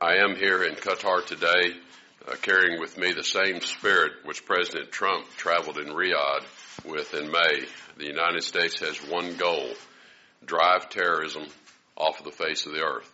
I am here in Qatar today uh, carrying with me the same spirit which President Trump traveled in Riyadh with in May. The United States has one goal drive terrorism off of the face of the earth.